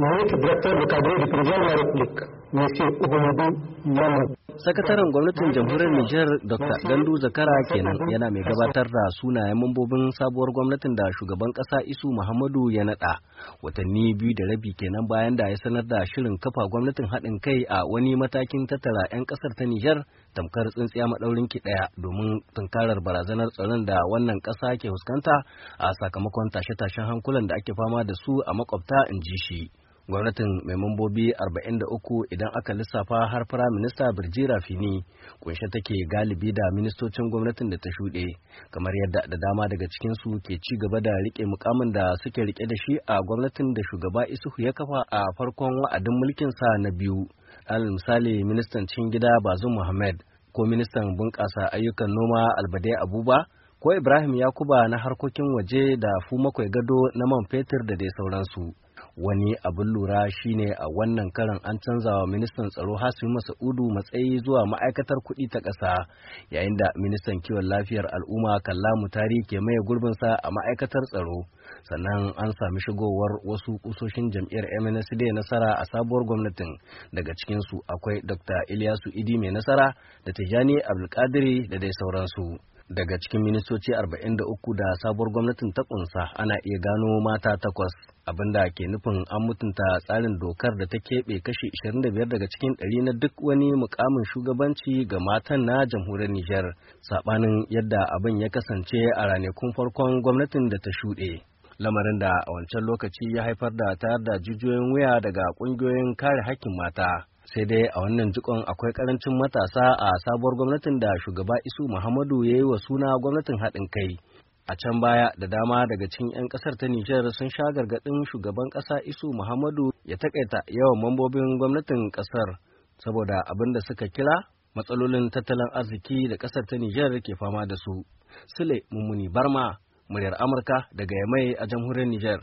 Malik Director da da Firjiyar Republic ne ce Mamu. Sakataren gwamnatin jamhuriyar Nijar Dr. Gandu Zakara kenan yana mai gabatar da sunayen mambobin sabuwar gwamnatin da shugaban ƙasa Isu Muhammadu ya naɗa. watanni biyu da rabi kenan bayan da ya sanar da shirin kafa gwamnatin haɗin kai a wani matakin tattara 'yan ƙasar ta Nijar tamkar tsintsiya maɗaurin ki ɗaya domin tunkarar barazanar tsaron da wannan ƙasa ke fuskanta a sakamakon tashe-tashen hankulan da ake fama da su a makwabta in ji shi. gwamnatin mai mambobi 43 idan aka lissafa har firaminista birjira fini kunshe take galibi da ministocin gwamnatin da ta shuɗe kamar yadda da dama daga cikinsu ke ci gaba da rike mukamin da suke rike da shi a gwamnatin da shugaba isuhu ya kafa a farkon wa'adin mulkin sa na biyu alal misali ministan cin gida bazum muhammad ko ministan bunƙasa ayyukan noma albade abuba ko ibrahim yakuba na harkokin waje da fu makwai gado na man fetur da dai sauransu wani abin lura shine a wannan karin an canza wa ministan tsaro hasimi masa'udu matsayi zuwa ma'aikatar kuɗi ta ƙasa yayin da ministan kiwon lafiyar al'umma kallamu tari ke maye gurbinsa a ma'aikatar tsaro sannan an sami shigowar wasu kusoshin jam'iyyar mnsd nasara a sabuwar gwamnatin daga cikinsu akwai dr ilyasu idi mai nasara da tijani abdulkadiri da dai sauransu daga cikin ministoci 43 da sabuwar gwamnatin ta kunsa ana iya gano mata takwas abin da ke nufin an mutunta tsarin dokar da ta keɓe kashi 25 daga cikin ɗari na duk wani mukamin shugabanci ga matan na jamhuriyar Nijar sabanin yadda abin ya kasance a ranakun farkon gwamnatin da ta shuɗe. lamarin da a wancan lokaci ya haifar da tayar da jijiyoyin wuya daga ƙungiyoyin kare hakkin mata sai dai a wannan jikon akwai karancin matasa a sabuwar gwamnatin da shugaba isu muhammadu ya yi wa suna gwamnatin haɗin kai a can baya da dama daga cikin 'yan kasar ta nijar sun sha gargaɗin shugaban ƙasa isu muhammadu ya takaita yawan mambobin gwamnatin ƙasar saboda abin da suka kira matsalolin tattalin arziki da ƙasar ta nijar ke fama da su sule mummuni barma muryar amurka daga yamai a jamhuriyar nijar